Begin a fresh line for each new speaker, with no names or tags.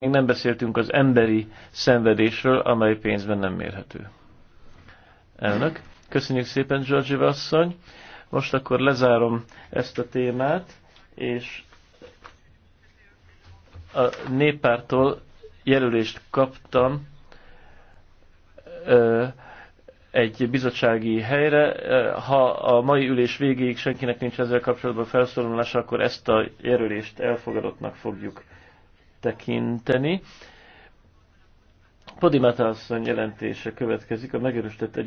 Még nem beszéltünk az emberi szenvedésről, amely pénzben nem mérhető. Elnök, köszönjük szépen, Georgieva asszony. Most akkor lezárom ezt a témát, és a néppártól jelölést kaptam ö, egy bizottsági helyre. Ha a mai ülés végéig senkinek nincs ezzel kapcsolatban felszólalása, akkor ezt a jelölést elfogadottnak fogjuk tekinteni. Podimata asszony jelentése következik a megerősített